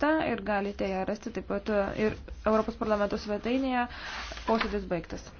baigta ir galite ją rasti taip pat ir Europos parlamento svetainėje. Posėdis baigtas.